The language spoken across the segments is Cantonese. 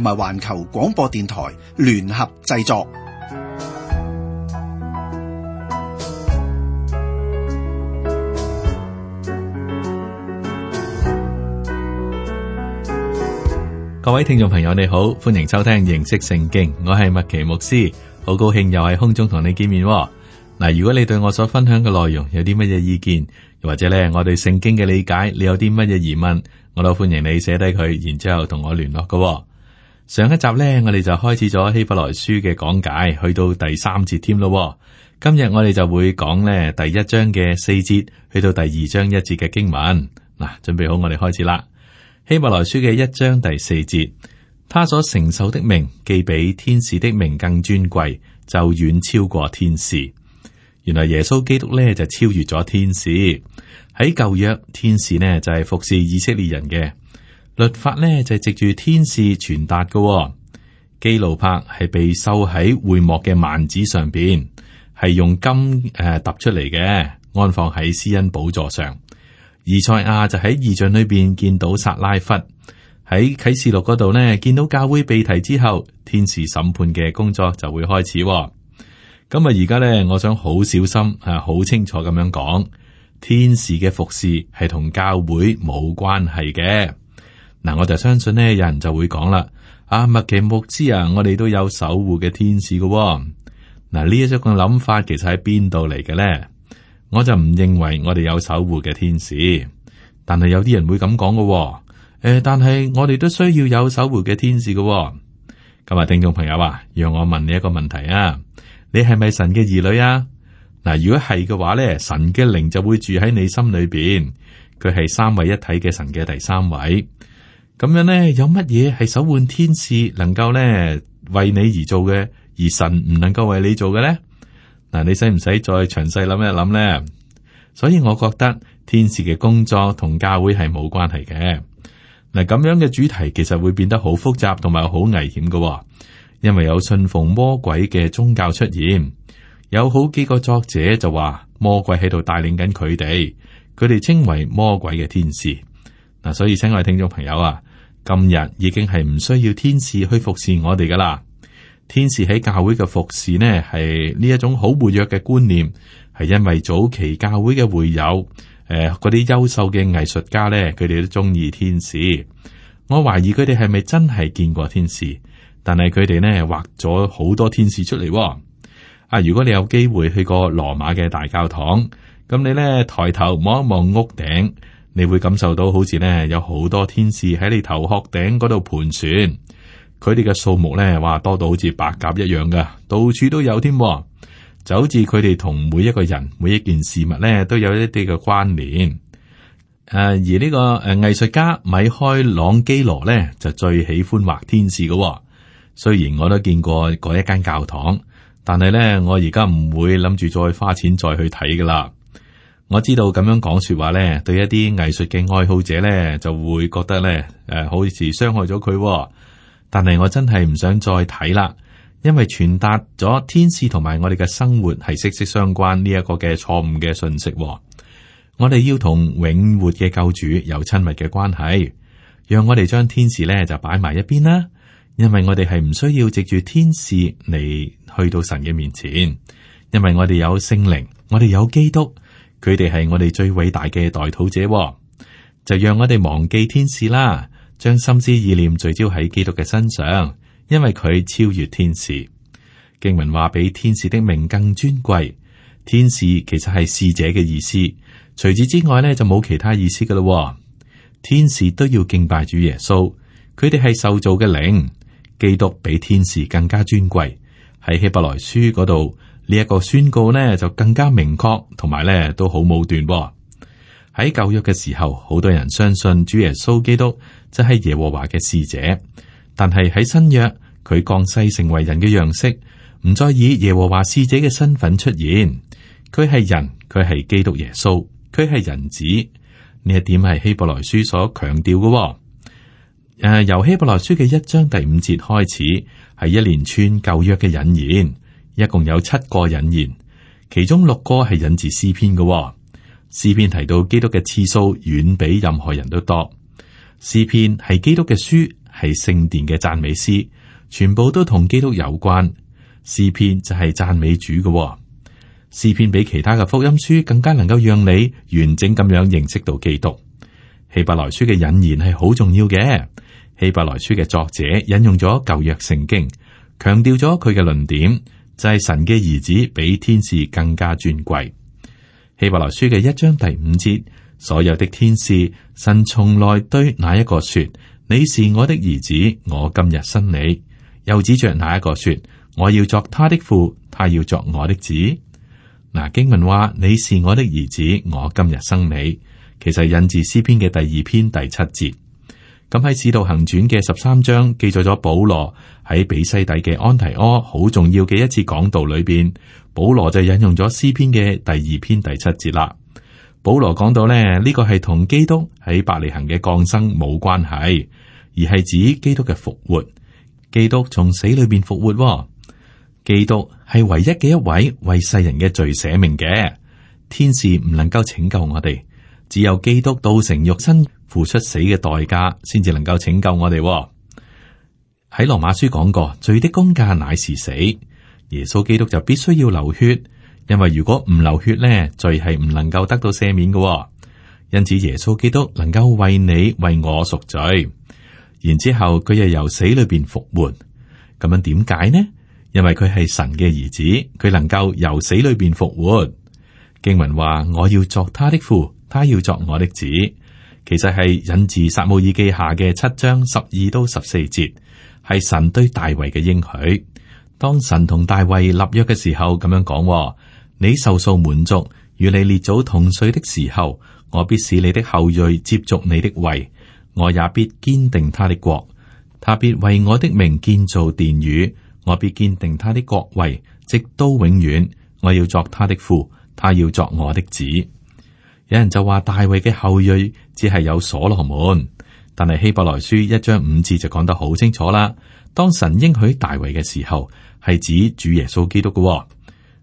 同埋環球廣播電台聯合製作。各位聽眾朋友，你好，歡迎收聽《認識聖經》，我係麥奇牧師，好高興又喺空中同你見面。嗱，如果你對我所分享嘅內容有啲乜嘢意見，又或者咧我對聖經嘅理解，你有啲乜嘢疑問，我都歡迎你寫低佢，然之後同我聯絡嘅。上一集呢，我哋就開始咗希伯來書嘅講解，去到第三節添咯。今日我哋就會講呢第一章嘅四節，去到第二章一節嘅經文。嗱，準備好我哋開始啦。希伯來書嘅一章第四節，他所承受的名，既比天使的名更尊貴，就遠超過天使。原來耶穌基督呢，就超越咗天使。喺舊約，天使呢，就係服侍以色列人嘅。律法咧就係、是、藉住天使傳達嘅記錄。基路伯係被收喺會幕嘅幔子上邊，係用金誒揼、呃、出嚟嘅，安放喺施恩寶座上。以賽亞就喺異象裏邊見到撒拉弗，喺啟示錄嗰度呢，見到教會被提之後，天使審判嘅工作就會開始、哦。咁啊，而家咧，我想好小心啊，好清楚咁樣講，天使嘅服侍係同教會冇關係嘅。嗱，我就相信咧，有人就會講啦。啊，勿其木知啊，我哋都有守護嘅天使噶喎。嗱、啊，呢一種嘅諗法其實係邊度嚟嘅咧？我就唔認為我哋有守護嘅天使，但係有啲人會咁講噶。誒、呃，但係我哋都需要有守護嘅天使噶喎。咁啊，聽眾朋友啊，讓我問你一個問題啊，你係咪神嘅兒女啊？嗱、啊，如果係嘅話咧，神嘅靈就會住喺你心裏邊，佢係三位一體嘅神嘅第三位。咁樣咧，有乜嘢係守護天使能夠咧為你而做嘅，而神唔能夠為你做嘅咧？嗱，你使唔使再詳細諗一諗咧？所以我覺得天使嘅工作同教會係冇關係嘅嗱。咁樣嘅主題其實會變得好複雜，同埋好危險㗎喎，因為有信奉魔鬼嘅宗教出現，有好幾個作者就話魔鬼喺度帶領緊佢哋，佢哋稱為魔鬼嘅天使嗱。所以，請我哋聽眾朋友啊。今日已經係唔需要天使去服侍我哋噶啦。天使喺教會嘅服侍呢，係呢一種好活躍嘅觀念，係因為早期教會嘅會友誒嗰啲優秀嘅藝術家咧，佢哋都中意天使。我懷疑佢哋係咪真係見過天使，但係佢哋呢，畫咗好多天使出嚟哦。啊，如果你有機會去過羅馬嘅大教堂，咁你呢，抬頭望一望屋頂。你會感受到好似咧有好多天使喺你頭殼頂嗰度盤旋，佢哋嘅數目咧，話，多到好似白鴿一樣噶到處都有添，就好似佢哋同每一個人、每一件事物咧都有一啲嘅關聯。誒、啊，而呢個誒藝術家米開朗基羅咧就最喜歡畫天使嘅喎，雖然我都見過嗰一間教堂，但係咧我而家唔會諗住再花錢再去睇噶啦。我知道咁樣講說話咧，對一啲藝術嘅愛好者咧，就會覺得咧，誒，呃，好似傷害咗佢喎。但係我真係唔想再睇啦，因為傳達咗天使同埋我哋嘅生活係息息相關呢一個嘅錯誤嘅信息喎。我哋要同永活嘅救主有親密嘅關係，讓我哋將天使咧就擺埋一邊啦。因為我哋係唔需要藉住天使嚟，去到神嘅面前，因為我哋有聖靈，我哋有基督。佢哋係我哋最偉大嘅代禱者，哦，就讓我哋忘記天使啦，將心思意念聚焦喺基督嘅身上，因為佢超越天使。經文話比天使的名更尊貴，天使其實係使者嘅意思，除此之外咧就冇其他意思噶啦、哦。天使都要敬拜主耶穌，佢哋係受造嘅靈，基督比天使更加尊貴。喺希伯來書嗰度。呢一個宣告呢，就更加明確，同埋咧都好武斷。喺舊約嘅時候，好多人相信主耶穌基督即係耶和華嘅使者，但係喺新約，佢降世成為人嘅樣式，唔再以耶和華使者嘅身份出現。佢係人，佢係基督耶穌，佢係人子。呢一點係希伯來書所強調嘅。誒、呃，由希伯來書嘅一章第五節開始，係一連串舊約嘅引言。一共有七個引言，其中六個係引自詩篇嘅，哦，詩篇提到基督嘅次數遠比任何人都多。詩篇係基督嘅書，係聖殿嘅讚美詩，全部都同基督有關。詩篇就係讚美主嘅，哦，詩篇比其他嘅福音書更加能夠讓你完整咁樣認識到基督。希伯來書嘅引言係好重要嘅。希伯來書嘅作者引用咗舊約聖經，強調咗佢嘅論點。就係神嘅兒子，比天使更加尊貴。希伯來書嘅一章第五節，所有的天使，神從來對哪一個說：你是我的兒子，我今日生你。又指着哪一個說：我要作他的父，他要作我的子。嗱，經文話：你是我的兒子，我今日生你，其實引自詩篇嘅第二篇第七節。咁喺使徒行傳嘅十三章記載咗保羅喺比西底嘅安提阿好重要嘅一次講道裏邊，保羅就引用咗詩篇嘅第二篇第七節啦。保羅講到呢，呢、這個係同基督喺伯利恆嘅降生冇關係，而係指基督嘅復活。基督從死裏邊復活、哦，基督係唯一嘅一位為世人嘅罪捨命嘅。天使唔能夠拯救我哋。只有基督道成肉身，付出死嘅代價，先至能夠拯救我哋。喺羅馬書講過，罪的工價乃是死。耶穌基督就必須要流血，因為如果唔流血咧，罪係唔能夠得到赦免嘅。因此，耶穌基督能夠為你為我贖罪。然之後佢又由死裏邊復活。咁樣點解呢？因為佢係神嘅兒子，佢能夠由死裏邊復活。經文話：我要作他的父。他要作我的子，其實係引自撒母耳記下嘅七章十二到十四節，係神對大衛嘅應許。當神同大衛立約嘅時候，咁樣講：「你壽數滿足，與你列祖同睡的時候，我必使你的後裔接續你的位，我也必堅定他的國，他必為我的名建造殿宇，我必堅定他的國位，直到永遠。我要作他的父，他要作我的子。有人就話大衛嘅後裔只係有所羅門，但係希伯來書一章五字就講得好清楚啦。當神應許大衛嘅時候，係指主耶穌基督嘅哦。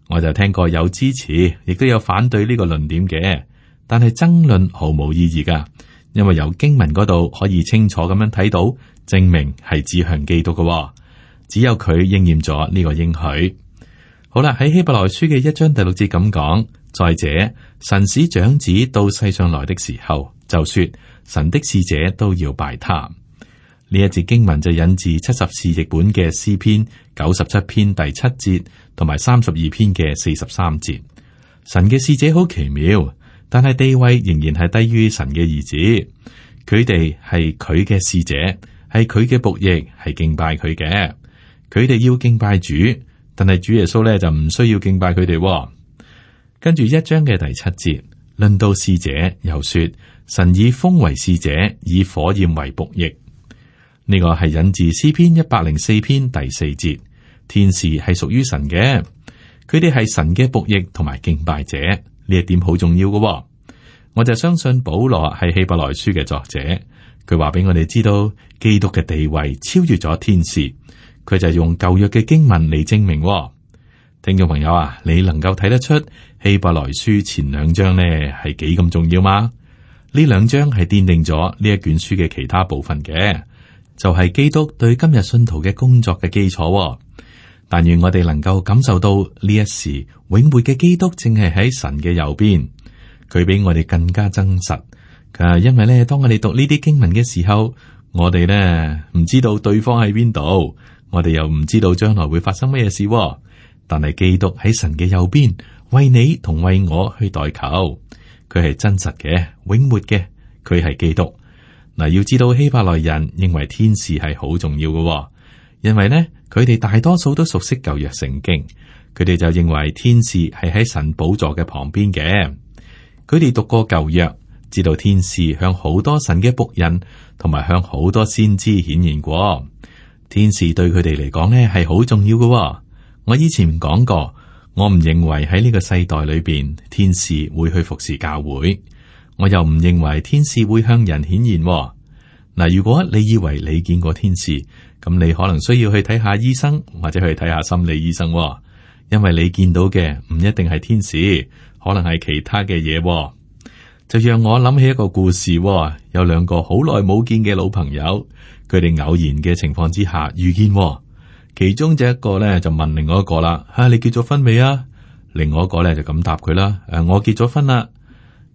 我就聽過有支持，亦都有反對呢個論點嘅，但係爭論毫無意義噶，因為由經文嗰度可以清楚咁樣睇到，證明係指向基督嘅哦。只有佢應驗咗呢個應許。好啦，喺希伯來書嘅一章第六節咁講。再者，神使長子到世上來的時候，就說神的使者都要拜他。呢一節經文就引自七十士譯本嘅詩篇九十七篇第七節，同埋三十二篇嘅四十三節。神嘅使者好奇妙，但係地位仍然係低於神嘅兒子。佢哋係佢嘅使者，係佢嘅僕役，係敬拜佢嘅。佢哋要敬拜主，但係主耶穌咧就唔需要敬拜佢哋。跟住一章嘅第七節，論到使者又說：神以風為使者，以火焰為僕役。呢、這個係引自詩篇一百零四篇第四節。天使係屬於神嘅，佢哋係神嘅僕役同埋敬拜者。呢一點好重要嘅、哦，我就相信保羅係希伯來書嘅作者，佢話俾我哋知道基督嘅地位超越咗天使。佢就用舊約嘅經文嚟證明、哦。聽眾朋友啊，你能夠睇得出？希伯來書前兩章呢係幾咁重要嘛？呢兩章係奠定咗呢一卷書嘅其他部分嘅，就係、是、基督對今日信徒嘅工作嘅基礎、哦。但願我哋能夠感受到呢一時永活嘅基督正係喺神嘅右邊，佢比我哋更加真實。啊，因為咧，當我哋讀呢啲經文嘅時候，我哋咧唔知道對方喺邊度，我哋又唔知道將來會發生乜嘢事、哦。但係基督喺神嘅右邊。為你同為我去代求，佢係真實嘅，永活嘅。佢係基督。嗱，要知道希伯來人認為天使係好重要嘅喎，因為呢，佢哋大多數都熟悉舊約聖經，佢哋就認為天使係喺神寶座嘅旁邊嘅。佢哋讀過舊約，知道天使向好多神嘅僕人同埋向好多先知顯現過。天使對佢哋嚟講呢係好重要嘅喎。我以前講過。我唔認為喺呢個世代裏邊，天使會去服侍教會。我又唔認為天使會向人顯現。嗱，如果你以為你見過天使，咁你可能需要去睇下醫生或者去睇下心理醫生喎，因為你見到嘅唔一定係天使，可能係其他嘅嘢喎。就讓我諗起一個故事喎，有兩個好耐冇見嘅老朋友，佢哋偶然嘅情況之下遇見喎。其中就一個咧就問另外一個啦，吓，你結咗婚未啊？另外一個咧就咁答佢啦。誒，我結咗婚啦。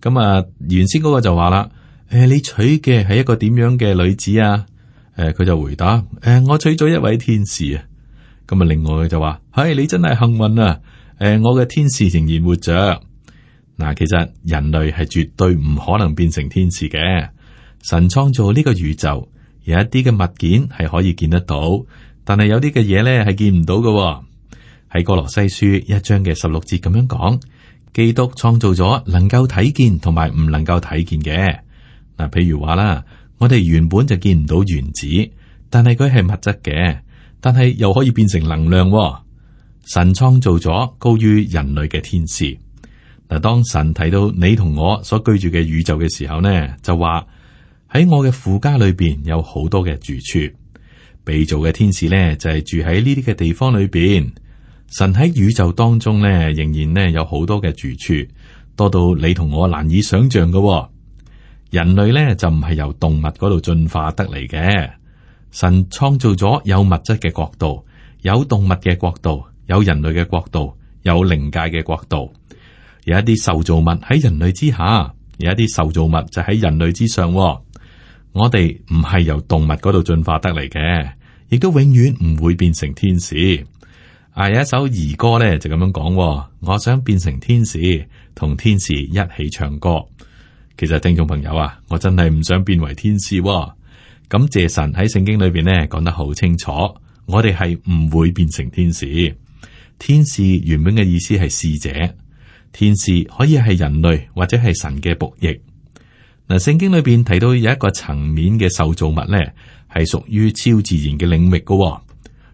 咁啊，原先嗰個就話啦，誒，你娶嘅係一個點樣嘅女子啊？誒，佢就回答誒，我娶咗一位天使啊。咁啊，另外就話，唉，你真係幸運啊。誒，我嘅天使仍然活着。嗱，其實人類係絕對唔可能變成天使嘅。神創造呢個宇宙有一啲嘅物件係可以見得到。但係有啲嘅嘢咧係見唔到嘅。哦，喺哥羅西書一章嘅十六節咁樣講，基督創造咗能夠睇見同埋唔能夠睇見嘅。嗱，譬如話啦，我哋原本就見唔到原子，但係佢係物質嘅，但係又可以變成能量。哦。神創造咗高於人類嘅天使。嗱，當神睇到你同我所居住嘅宇宙嘅時候呢，就話喺我嘅父家裏邊有好多嘅住處。未做嘅天使呢，就係住喺呢啲嘅地方裏邊。神喺宇宙當中呢，仍然呢有好多嘅住處，多到你同我難以想象嘅、哦。人類呢，就唔係由動物嗰度進化得嚟嘅。神創造咗有物質嘅國度，有動物嘅國度，有人類嘅國度，有靈界嘅國度。有一啲受造物喺人類之下，有一啲受造物就喺人類之上、哦。我哋唔係由動物嗰度進化得嚟嘅。亦都永遠唔會變成天使。啊，有一首兒歌咧就咁樣講、哦：我想變成天使，同天使一起唱歌。其實聽眾朋友啊，我真係唔想變為天使、哦。咁謝神喺聖經裏邊咧講得好清楚，我哋係唔會變成天使。天使原本嘅意思係使者，天使可以係人類或者係神嘅僕役。嗱、啊，聖經裏邊提到有一個層面嘅受造物咧。係屬於超自然嘅領域噶。哦。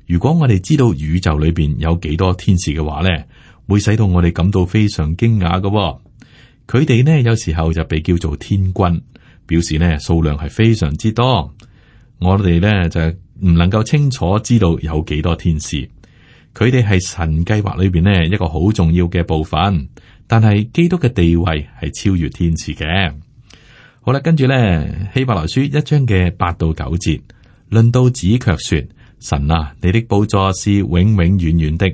如果我哋知道宇宙裏邊有幾多天使嘅話咧，會使到我哋感到非常驚訝噶。哦。佢哋咧有時候就被叫做天君，表示咧數量係非常之多。我哋咧就唔能夠清楚知道有幾多天使。佢哋係神計劃裏邊呢一個好重要嘅部分，但係基督嘅地位係超越天使嘅。好啦，跟住咧，《希伯來書》一章嘅八到九節，論到子卻說：神啊，你的寶座是永永遠遠的，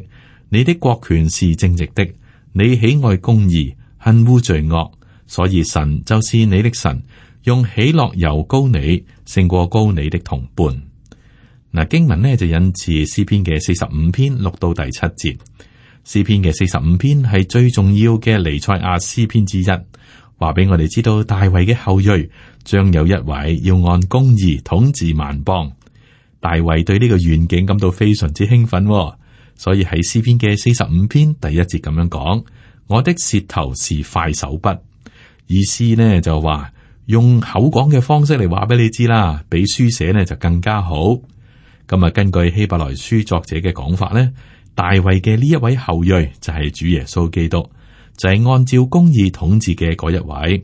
你的國權是正直的，你喜愛公義，恨污罪惡，所以神就是你的神，用喜樂油膏你，勝過膏你的同伴。嗱，經文呢就引自詩篇嘅四十五篇六到第七節，詩篇嘅四十五篇係最重要嘅尼賽亞詩篇之一。話俾我哋知道，大衛嘅後裔將有一位要按公義統治萬邦。大衛對呢個願景感到非常之興奮，所以喺詩篇嘅四十五篇第一節咁樣講：「我的舌頭是快手筆，意思呢就話用口講嘅方式嚟話俾你知啦，比書寫呢就更加好。」咁啊，根據希伯來書作者嘅講法呢，大衛嘅呢一位後裔就係主耶穌基督。就係按照公義統治嘅嗰一位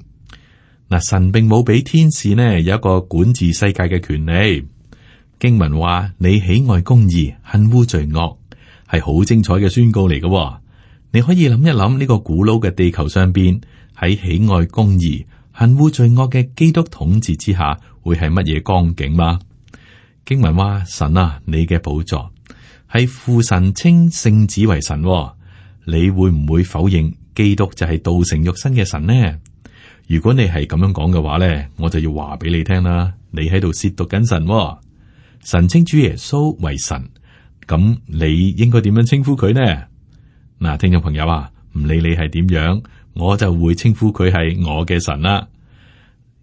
嗱，神並冇俾天使呢有一個管治世界嘅權利。經文話：你喜愛公義，恨惡罪惡，係好精彩嘅宣告嚟嘅喎。你可以諗一諗呢個古老嘅地球上邊喺喜愛公義、恨惡罪惡嘅基督統治之下會係乜嘢光景嗎？經文話：神啊，你嘅寶座係父神稱聖子為神喎，你會唔會否認？基督就係道成肉身嘅神呢？如果你係咁樣講嘅話咧，我就要話俾你聽啦，你喺度褻瀆緊神、哦。神稱主耶穌為神，咁你應該點樣稱呼佢呢？嗱，聽眾朋友啊，唔理你係點樣，我就會稱呼佢係我嘅神啦。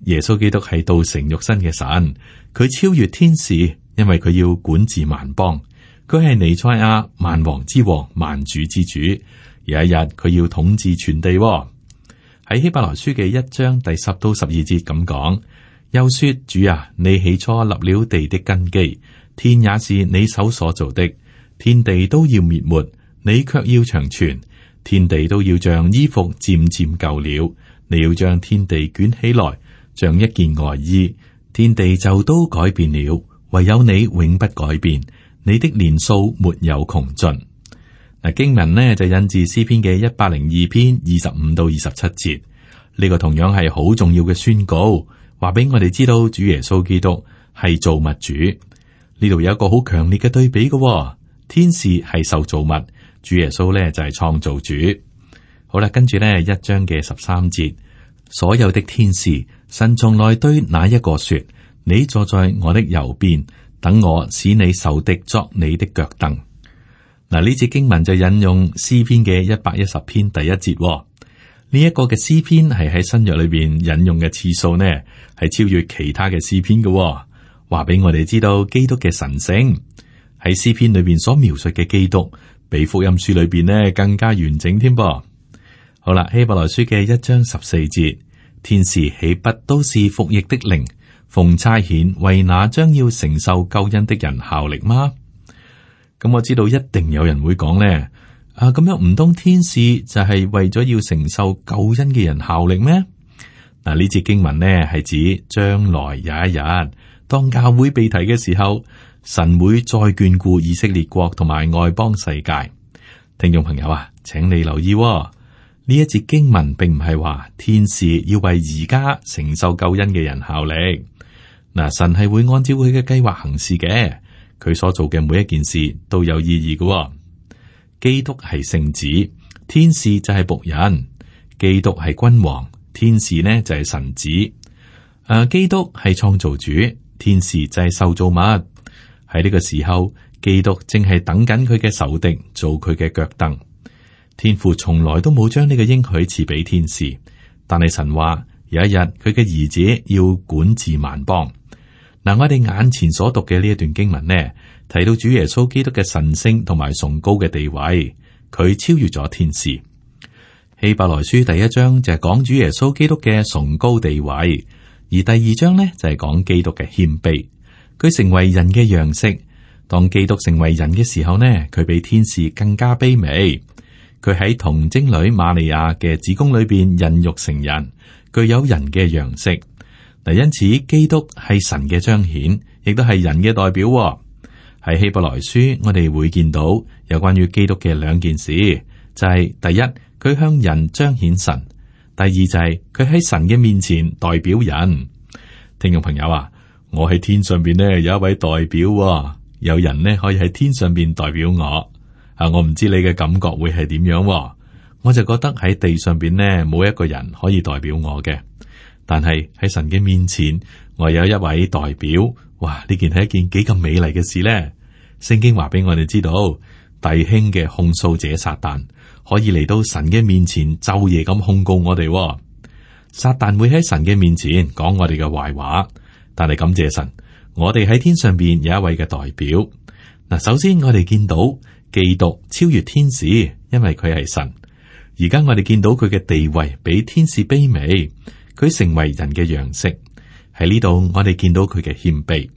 耶穌基督係道成肉身嘅神，佢超越天使，因為佢要管治萬邦，佢係彌賽亞、萬王之王、萬主之主。有一日佢要統治全地喺、哦、希伯來書嘅一章第十到十二節咁講，又說，主啊，你起初立了地的根基，天也是你手所造的，天地都要滅沒，你卻要長存，天地都要像衣服漸漸舊了，你要將天地捲起來，像一件外衣，天地就都改變了，唯有你永不改變，你的年數沒有窮盡。嗱，經文呢就引自詩篇嘅一百零二篇二十五到二十七節，呢、這個同樣係好重要嘅宣告，話俾我哋知道主耶穌基督係造物主。呢度有一個好強烈嘅對比嘅，天使係受造物，主耶穌呢就係創造主。好啦，跟住呢一章嘅十三節，所有的天使，神從來對那一個說：你坐在我的右邊，等我使你受敵作你的腳凳。嗱，呢節經文就引用詩篇嘅一百一十篇第一節哦。呢一個嘅詩篇係喺新約裏邊引用嘅次數呢，係超越其他嘅詩篇嘅哦。話俾我哋知道基督嘅神聖，喺詩篇裏邊所描述嘅基督，比福音書裏邊呢更加完整添噃哦。好啦，希伯來書嘅一章十四節，天使豈不都是服役的靈，奉差遣為那將要承受救恩的人效力嗎？咁、嗯、我知道一定有人會講咧，啊，咁樣唔通天使就係為咗要承受救恩嘅人效力咩？嗱、啊，呢節經文呢係指將來有一日，當教會被提嘅時候，神會再眷顧以色列國同埋外邦世界。聽眾朋友啊，請你留意、哦，呢一節經文並唔係話天使要為而家承受救恩嘅人效力，嗱、啊，神係會按照佢嘅計劃行事嘅。佢所做嘅每一件事都有意義嘅、哦。基督係聖子，天使就係僕人；基督係君王，天使呢就係、是、臣子。誒、啊，基督係創造主，天使就係受造物。喺呢個時候，基督正係等緊佢嘅仇敵做佢嘅腳凳。天父從來都冇將呢個應許賜俾天使，但係神話有一日佢嘅兒子要管治萬邦。嗱，我哋眼前所讀嘅呢一段經文呢，提到主耶穌基督嘅神聖同埋崇高嘅地位，佢超越咗天使。希伯來書第一章就係講主耶穌基督嘅崇高地位，而第二章呢就係講基督嘅謙卑。佢成為人嘅樣式，當基督成為人嘅時候呢，佢比天使更加卑微。佢喺童貞女瑪利亞嘅子宮裏邊孕育成人，具有人嘅樣式。嗱，因此基督係神嘅彰顯，亦都係人嘅代表、哦。喺希伯來書，我哋會見到有關於基督嘅兩件事，就係、是、第一，佢向人彰顯神；第二就係佢喺神嘅面前代表人。聽眾朋友啊，我喺天上邊咧有一位代表、哦，有人咧可以喺天上邊代表我啊。我唔知你嘅感覺會係點樣、哦，我就覺得喺地上邊咧冇一個人可以代表我嘅。但係喺神嘅面前，我有一位代表。哇！呢件係一件幾咁美麗嘅事呢！聖經話俾我哋知道，弟兄嘅控訴者撒旦可以嚟到神嘅面前，晝夜咁控告我哋。撒旦會喺神嘅面前講我哋嘅壞話。但係感謝神，我哋喺天上邊有一位嘅代表。嗱，首先我哋見到基督超越天使，因為佢係神。而家我哋見到佢嘅地位比天使卑微。.佢成為人嘅樣式，喺呢度我哋見到佢嘅謙卑。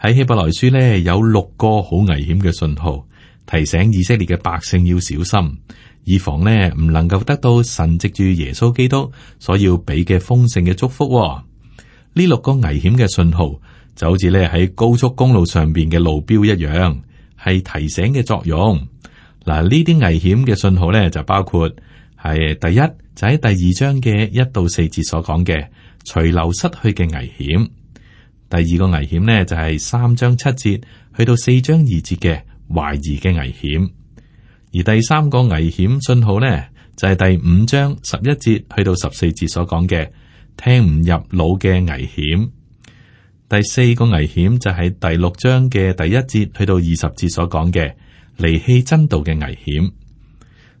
喺希伯來書咧有六個好危險嘅信號，提醒以色列嘅百姓要小心，以防呢唔能夠得到神藉住耶穌基督所要俾嘅豐盛嘅祝福喎。呢六個危險嘅信號就好似咧喺高速公路上邊嘅路標一樣，係提醒嘅作用。嗱，呢啲危險嘅信號咧就包括。係第一就喺、是、第二章嘅一到四節所講嘅隨流失去嘅危險。第二個危險呢就係、是、三章七節去到四章二節嘅懷疑嘅危險。而第三個危險信號呢就係、是、第五章十一節去到十四節所講嘅聽唔入腦嘅危險。第四個危險就係第六章嘅第一節去到二十節所講嘅離棄真道嘅危險。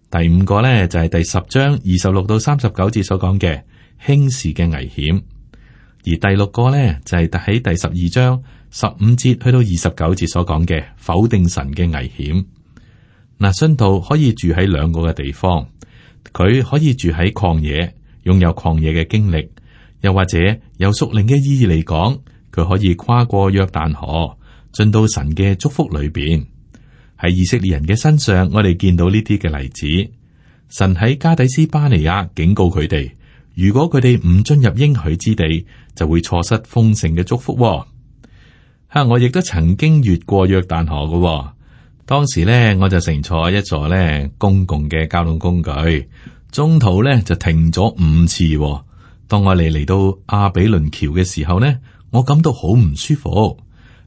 第五個咧就係第十章二十六到三十九節所講嘅輕視嘅危險，而第六個咧就係喺第十二章十五節去到二十九節所講嘅否定神嘅危險。嗱，信徒可以住喺兩個嘅地方，佢可以住喺曠野，擁有曠野嘅經歷；又或者由屬靈嘅意義嚟講，佢可以跨過約旦河，進到神嘅祝福裏邊。喺以色列人嘅身上，我哋見到呢啲嘅例子。神喺加底斯巴尼亞警告佢哋，如果佢哋唔進入應許之地，就會錯失豐盛嘅祝福、哦。吓、啊，我亦都曾經越過約旦河嘅、哦。當時咧，我就乘坐一座咧公共嘅交通工具，中途咧就停咗五次、哦。當我哋嚟到阿比倫橋嘅時候咧，我感到好唔舒服。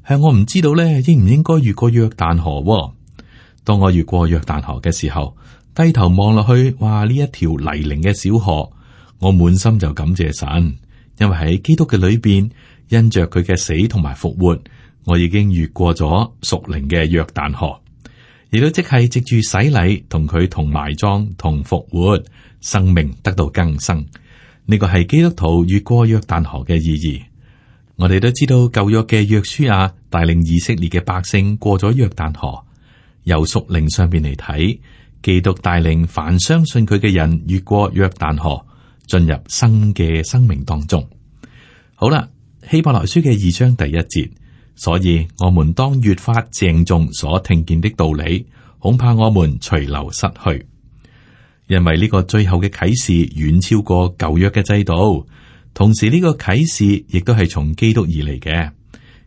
係、啊、我唔知道咧，應唔應該越過約旦河、哦。當我越過約旦河嘅時候，低頭望落去，哇！呢一條泥濘嘅小河，我滿心就感謝神，因為喺基督嘅裏邊，因着佢嘅死同埋復活，我已經越過咗屬靈嘅約旦河。亦都即係藉住洗禮同佢同埋葬同復活，生命得到更生。呢個係基督徒越過約旦河嘅意義。我哋都知道舊約嘅約書亞帶領以色列嘅百姓過咗約旦河。由屬靈上邊嚟睇，基督帶領凡相信佢嘅人越過約旦河，進入新嘅生命當中。好啦，《希伯來書》嘅二章第一節，所以我們當越發鄭重所聽見的道理，恐怕我們隨流失去，因為呢個最後嘅啟示遠超過舊約嘅制度，同時呢個啟示亦都係從基督而嚟嘅，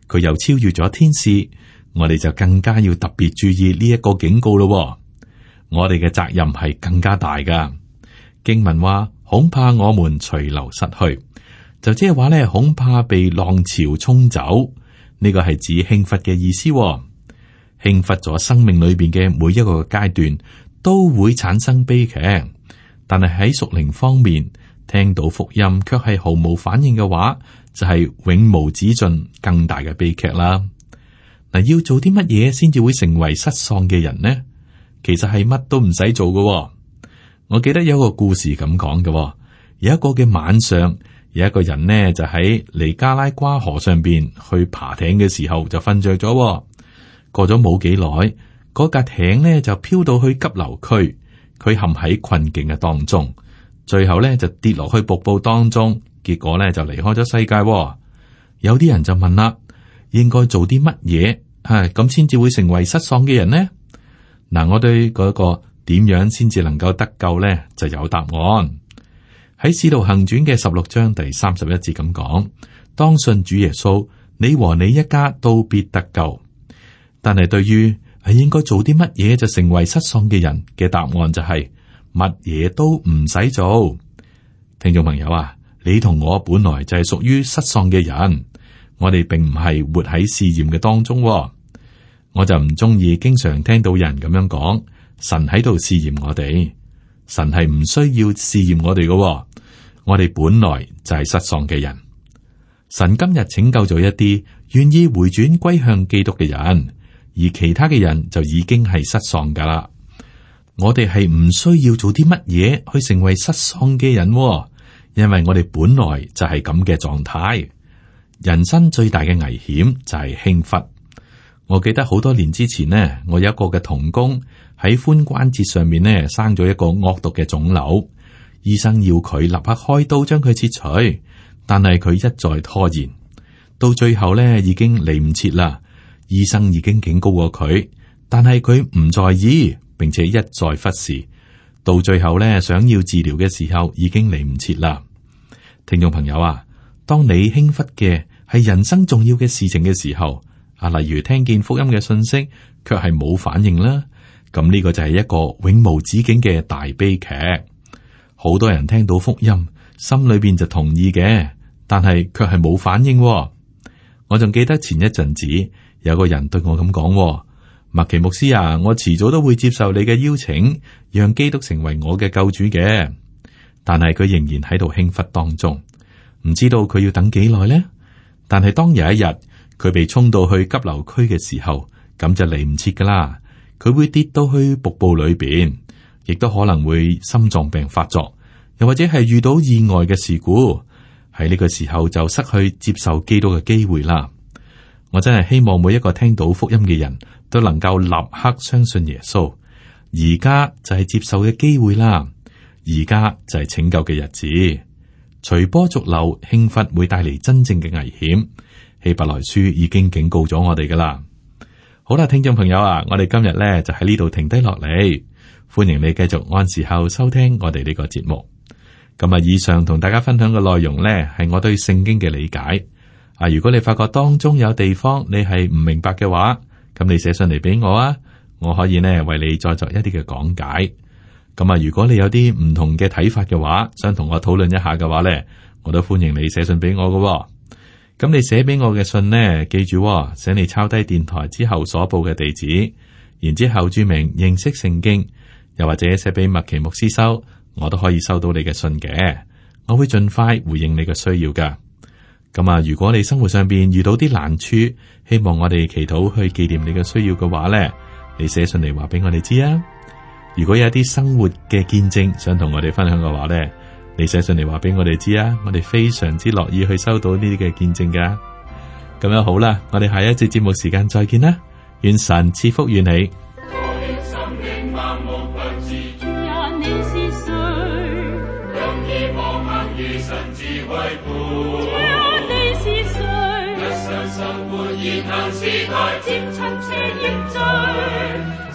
佢又超越咗天使。我哋就更加要特別注意呢一個警告咯、哦，我哋嘅責任係更加大㗎。經文話恐怕我們隨流失去，就即係話咧恐怕被浪潮沖走。呢、這個係指傾覆嘅意思、哦，傾覆咗生命裏邊嘅每一個階段都會產生悲劇，但係喺屬靈方面聽到福音卻係毫無反應嘅話，就係、是、永無止盡更大嘅悲劇啦。嗱，要做啲乜嘢先至會成為失喪嘅人呢？其實係乜都唔使做㗎喎。我記得有一個故事咁講嘅，有一個嘅晚上，有一個人呢就喺尼加拉瓜河上邊去爬艇嘅時候就瞓着咗喎。過咗冇幾耐，嗰架艇呢就漂到去急流區，佢陷喺困境嘅當中，最後呢就跌落去瀑布當中，結果呢就離開咗世界喎。有啲人就問啦。應該做啲乜嘢，吓咁，先至會成為失喪嘅人呢？嗱、啊，我對嗰個點樣先至能夠得救呢？就有答案喺《使徒行傳》嘅十六章第三十一節咁講：當信主耶穌，你和你一家都必得救。但係對於係應該做啲乜嘢，就成為失喪嘅人嘅答案就係乜嘢都唔使做。聽眾朋友啊，你同我本來就係屬於失喪嘅人。我哋並唔係活喺試驗嘅當中、哦，我就唔中意經常聽到人咁樣講：神喺度試驗我哋，神係唔需要試驗我哋嘅、哦。我哋本來就係失喪嘅人。神今日拯救咗一啲願意回轉歸向基督嘅人，而其他嘅人就已經係失喪噶啦。我哋係唔需要做啲乜嘢去成為失喪嘅人、哦，因為我哋本來就係咁嘅狀態。人生最大嘅危險就係輕忽。我記得好多年之前呢，我有一個嘅童工喺髖關節上面呢生咗一個惡毒嘅腫瘤，醫生要佢立刻開刀將佢切除，但係佢一再拖延，到最後呢已經嚟唔切啦。醫生已經警告過佢，但係佢唔在意，並且一再忽視，到最後呢想要治療嘅時候已經嚟唔切啦。聽眾朋友啊！當你輕忽嘅係人生重要嘅事情嘅時候，啊，例如聽見福音嘅信息，卻係冇反應啦。咁呢個就係一個永無止境嘅大悲劇。好多人聽到福音，心裏邊就同意嘅，但係卻係冇反應。我仲記得前一陣子有個人對我咁講：麥奇牧師啊，我遲早都會接受你嘅邀請，讓基督成為我嘅救主嘅。但係佢仍然喺度輕忽當中。唔知道佢要等幾耐呢，但係當有一日佢被衝到去急流區嘅時候，咁就嚟唔切噶啦。佢會跌到去瀑布裏邊，亦都可能會心臟病發作，又或者係遇到意外嘅事故，喺呢個時候就失去接受基督嘅機會啦。我真係希望每一個聽到福音嘅人都能夠立刻相信耶穌。而家就係接受嘅機會啦，而家就係拯救嘅日子。隨波逐流、興奮會帶嚟真正嘅危險。希伯來書已經警告咗我哋噶啦。好啦，聽眾朋友啊，我哋今日咧就喺呢度停低落嚟。歡迎你繼續按時候收聽我哋呢個節目。咁啊，以上同大家分享嘅內容呢係我對聖經嘅理解。啊，如果你發覺當中有地方你係唔明白嘅話，咁你寫信嚟俾我啊，我可以呢為你再作一啲嘅講解。咁啊，如果你有啲唔同嘅睇法嘅話，想同我討論一下嘅話咧，我都歡迎你寫信俾我嘅、哦。咁你寫俾我嘅信咧，記住、哦，請你抄低電台之後所報嘅地址，然之後注明認識聖經，又或者寫俾麥奇牧師收，我都可以收到你嘅信嘅。我會盡快回應你嘅需要噶。咁啊，如果你生活上邊遇到啲難處，希望我哋祈禱去紀念你嘅需要嘅話咧，你寫信嚟話俾我哋知啊。如果有啲生活嘅見證想同我哋分享嘅話咧，你寫信嚟話俾我哋知啊！我哋非常之樂意去收到呢啲嘅見證噶。咁樣好啦，我哋下一節節目時間再見啦！願神賜福與你是誰。